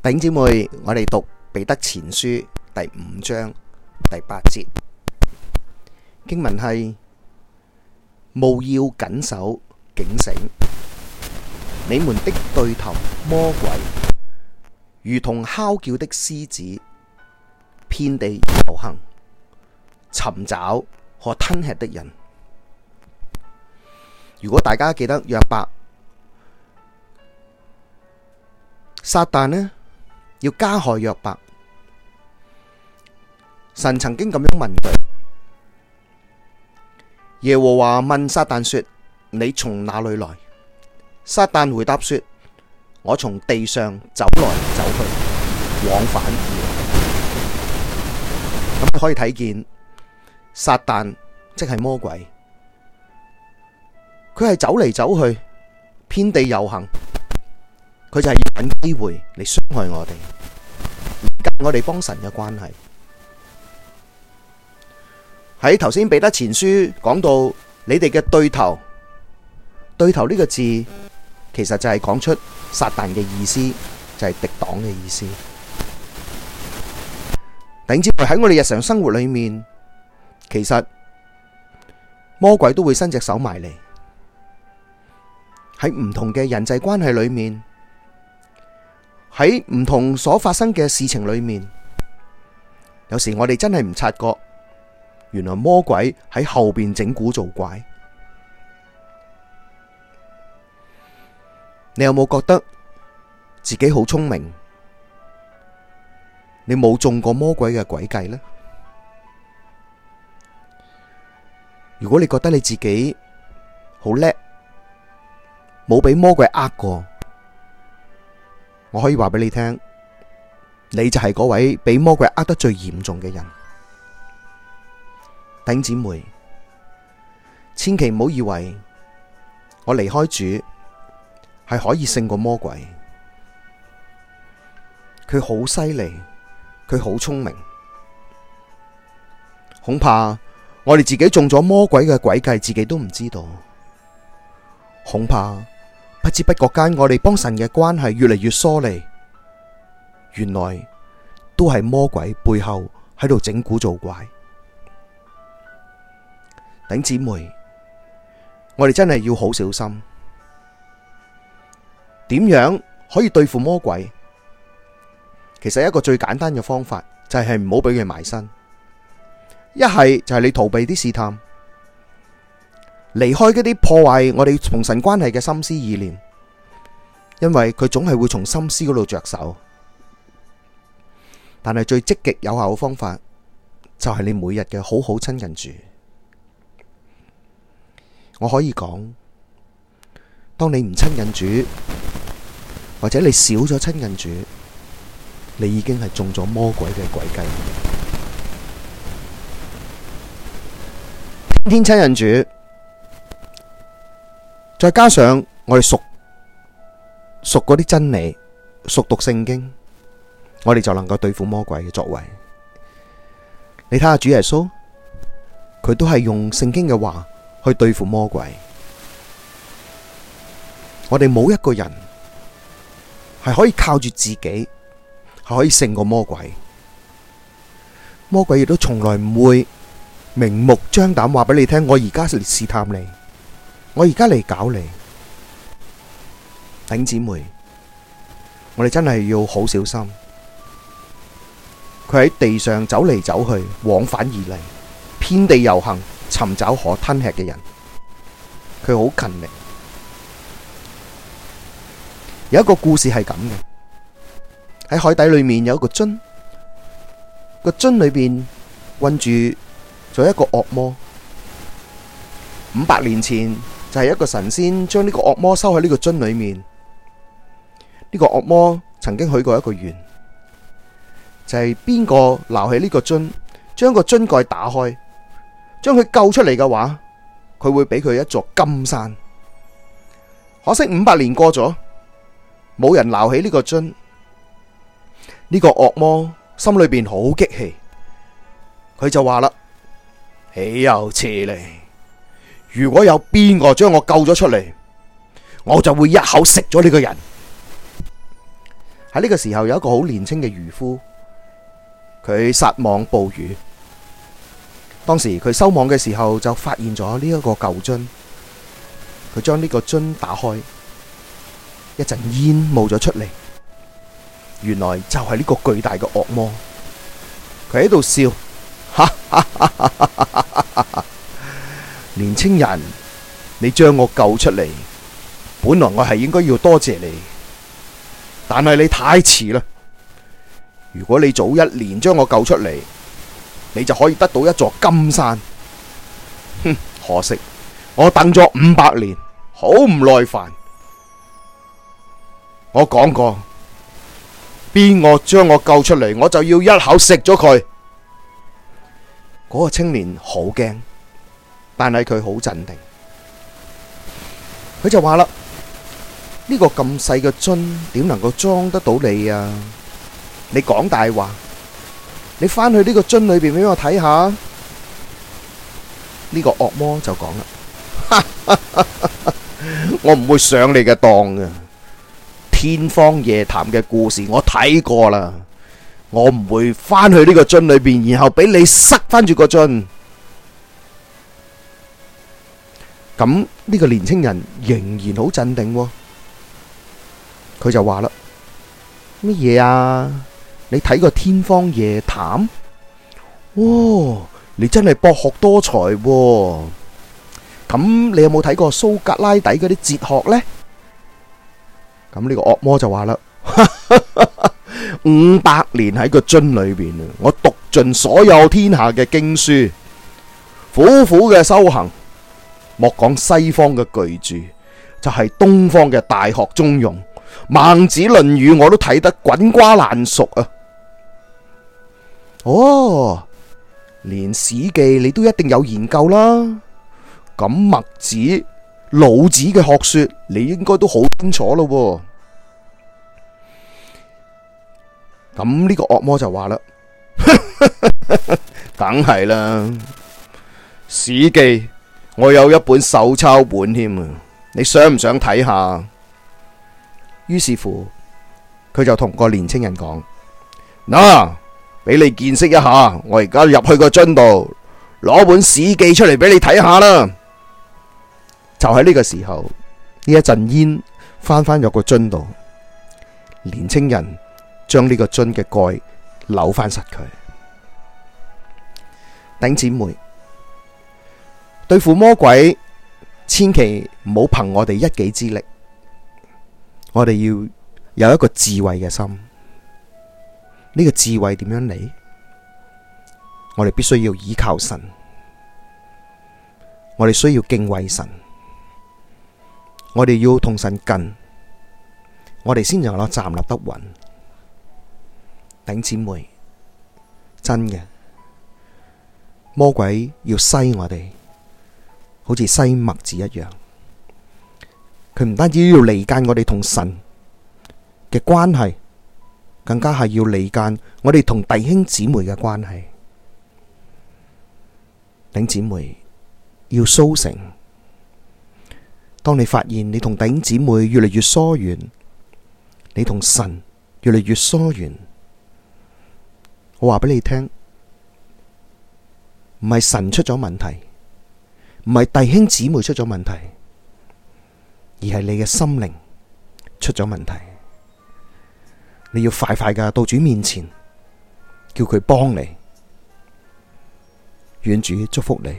弟兄姊妹，我哋讀彼得前書第五章第八節經文係：務要謹守儆醒，你們的對頭魔鬼如同吼叫的獅子，遍地遊行尋找可吞吃的人。如果大家記得約伯，撒旦呢？要加害約伯，神曾經咁樣問佢：耶和華問撒旦說：你從哪裏來？撒旦回答說：我從地上走來走去，往返而來。咁可以睇見撒旦即係魔鬼，佢係走嚟走去，遍地遊行。佢就係要揾機會嚟傷害我哋，而介我哋幫神嘅關係。喺頭先彼得前書講到，你哋嘅對頭，對頭呢個字，其實就係講出撒旦嘅意思，就係敵擋嘅意思。頂接喺我哋日常生活裏面，其實魔鬼都會伸隻手埋嚟喺唔同嘅人際關係裏面。喺唔同所發生嘅事情裏面，有時我哋真係唔察覺，原來魔鬼喺後邊整蠱做怪。你有冇覺得自己好聰明？你冇中過魔鬼嘅詭計咧？如果你覺得你自己好叻，冇俾魔鬼呃過。我可以話俾你聽，你就係嗰位俾魔鬼呃得最嚴重嘅人，頂姊妹，千祈唔好以為我離開主係可以勝過魔鬼，佢好犀利，佢好聰明，恐怕我哋自己中咗魔鬼嘅詭計，自己都唔知道，恐怕。不知不覺間，我哋幫神嘅關係越嚟越疏離，原來都係魔鬼背後喺度整蠱做怪。頂姊妹，我哋真係要好小心。點樣可以對付魔鬼？其實一個最簡單嘅方法就係唔好俾佢埋身，一係就係你逃避啲試探。離開嗰啲破壞我哋同神關係嘅心思意念，因為佢總係會從心思嗰度着手。但係最積極有效嘅方法，就係你每日嘅好好親近主。我可以講，當你唔親近主，或者你少咗親近主，你已經係中咗魔鬼嘅詭計。天天親近主。再加上我哋熟熟嗰啲真理，熟讀聖經，我哋就能夠對付魔鬼嘅作為。你睇下主耶穌，佢都係用聖經嘅話去對付魔鬼。我哋冇一個人係可以靠住自己，係可以勝過魔鬼。魔鬼亦都從來唔會明目張膽話俾你聽，我而家嚟試探你。我而家嚟搞你，弟兄姊妹，我哋真係要好小心。佢喺地上走嚟走去，往返而嚟，遍地遊行，尋找可吞吃嘅人。佢好勤力。有一個故事係咁嘅，喺海底裏面有一個樽，個樽裏邊困住咗一個惡魔。五百年前。就係一個神仙將呢個惡魔收喺呢個樽裡面，呢個惡魔曾經許過一個願，就係邊個撈起呢個樽，將個樽蓋打開，將佢救出嚟嘅話，佢會俾佢一座金山。可惜五百年過咗，冇人撈起呢個樽，呢個惡魔心裡邊好激氣，佢就話啦：豈有此理！如果有邊個將我救咗出嚟，我就會一口食咗呢個人。喺呢個時候，有一個好年輕嘅漁夫，佢撒網捕魚。當時佢收網嘅時候就發現咗呢一個舊樽，佢將呢個樽打開，一陣煙冒咗出嚟，原來就係呢個巨大嘅惡魔，佢喺度笑，哈哈哈哈哈哈！年青人，你將我救出嚟，本來我係應該要多謝你，但係你太遲啦。如果你早一年將我救出嚟，你就可以得到一座金山。哼，可惜我等咗五百年，好唔耐煩。我講過，邊個我將我救出嚟，我就要一口食咗佢。嗰個青年好驚。但係佢好鎮定，佢就話啦：呢個咁細嘅樽點能夠裝得到你啊？你講大話，你翻去呢個樽裏邊俾我睇下。呢個惡魔就講啦：我唔會上你嘅當嘅，天方夜譚嘅故事我睇過啦，我唔會翻去呢個樽裏邊，然後俾你塞翻住個樽。咁呢個年青人仍然好鎮定，佢就話啦：乜嘢啊？你睇過天方夜譚？哦，你真係博學多才。咁你有冇睇過蘇格拉底嗰啲哲學呢？咁呢個惡魔就話啦：五百年喺個樽裏邊，我讀盡所有天下嘅經書，苦苦嘅修行。莫講西方嘅巨著，就係東方嘅大學中庸、孟子、論語，我都睇得滾瓜爛熟啊！哦，連《史記》你都一定有研究啦。咁墨子、老子嘅學說，你應該都好清楚咯。咁呢個惡魔就話啦，梗係啦，《史記》。我有一本手抄本添，啊，你想唔想睇下？於是乎，佢就同個年青人講：嗱、啊，俾你見識一下，我而家入去個樽度攞本史記出嚟俾你睇下啦。就喺呢個時候，呢一陣煙翻返入個樽度，年青人將呢個樽嘅蓋扭返實佢，頂姐妹。對付魔鬼，千祈唔好憑我哋一己之力。我哋要有一個智慧嘅心。呢個智慧點樣嚟？我哋必須要依靠神，我哋需要敬畏神，我哋要同神近，我哋先能夠站立得穩。頂姐妹，真嘅，魔鬼要篩我哋。好似篩麥子一樣，佢唔單止要離間我哋同神嘅關係，更加係要離間我哋同弟兄姊妹嘅關係。頂姊妹要蘇醒，當你發現你同頂姊妹越嚟越疏遠，你同神越嚟越疏遠，我話俾你聽，唔係神出咗問題。唔係弟兄姊妹出咗問題，而係你嘅心靈出咗問題。你要快快嘅到主面前，叫佢幫你，願主祝福你。